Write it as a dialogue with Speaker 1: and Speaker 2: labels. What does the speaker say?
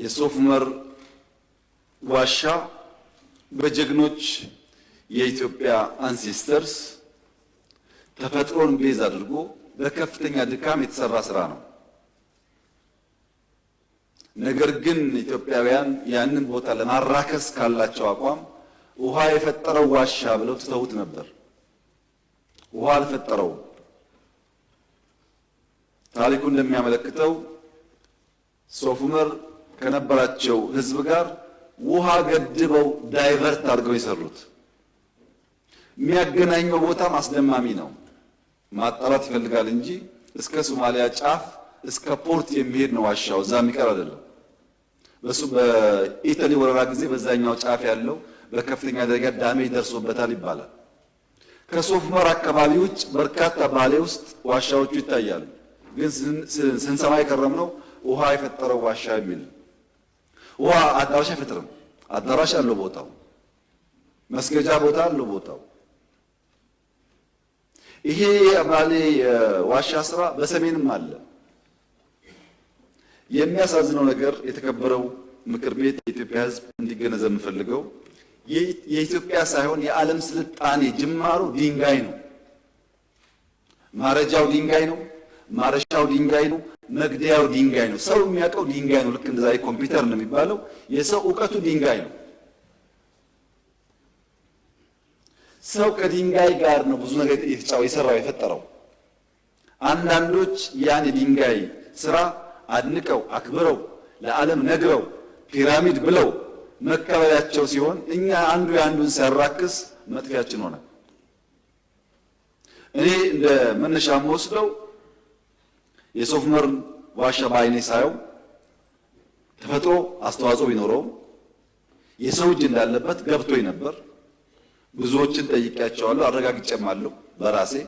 Speaker 1: የሶፍ ዑመር ዋሻ በጀግኖች የኢትዮጵያ አንሴስተርስ ተፈጥሮን ቤዝ አድርጎ በከፍተኛ ድካም የተሰራ ስራ ነው። ነገር ግን ኢትዮጵያውያን ያንን ቦታ ለማራከስ ካላቸው አቋም ውሃ የፈጠረው ዋሻ ብለው ትተውት ነበር። ውሃ አልፈጠረውም። ታሪኩ እንደሚያመለክተው ሶፍ ዑመር ከነበራቸው ህዝብ ጋር ውሃ ገድበው ዳይቨርት አድርገው የሰሩት የሚያገናኘው ቦታም አስደማሚ ነው። ማጣራት ይፈልጋል እንጂ እስከ ሶማሊያ ጫፍ እስከ ፖርት የሚሄድ ነው ዋሻው። እዛ የሚቀር አይደለም። በሱ በኢተሊ ወረራ ጊዜ በዛኛው ጫፍ ያለው በከፍተኛ ደረጃ ዳሜጅ ደርሶበታል ይባላል። ከሶፍ መር አካባቢ ውጭ በርካታ ባሌ ውስጥ ዋሻዎቹ ይታያሉ። ግን ስንሰማ ነው ውሃ የፈጠረው ዋሻ የሚል ውሃ አዳራሽ አይፈጥርም። አዳራሽ አለው ቦታው፣ መስገጃ ቦታ አለው ቦታው። ይሄ የአማሌ ዋሻ ስራ በሰሜንም አለ። የሚያሳዝነው ነገር የተከበረው ምክር ቤት የኢትዮጵያ ሕዝብ እንዲገነዘብ የምፈልገው የኢትዮጵያ ሳይሆን የዓለም ስልጣኔ ጅማሩ ድንጋይ ነው። ማረጃው ድንጋይ ነው። ማረሻው ድንጋይ ነው። መግደያው ድንጋይ ነው። ሰው የሚያውቀው ድንጋይ ነው። ልክ እንደዛ ኮምፒውተር ነው የሚባለው የሰው እውቀቱ ድንጋይ ነው። ሰው ከድንጋይ ጋር ነው ብዙ ነገር የተጫወ የሰራው የፈጠረው። አንዳንዶች ያን የድንጋይ ስራ አድንቀው አክብረው ለዓለም ነግረው ፒራሚድ ብለው መከበሪያቸው ሲሆን እኛ አንዱ የአንዱን ሲያራክስ መጥፊያችን ሆነ። እኔ እንደ መነሻ የምወስደው የሶፍ ዑመር ዋሻ በአይኔ ሳየው ተፈጥሮ አስተዋጽኦ ቢኖረውም የሰው እጅ እንዳለበት ገብቶኝ ነበር። ብዙዎችን ጠይቄያቸዋለሁ፣ አረጋግጬማለሁ በራሴ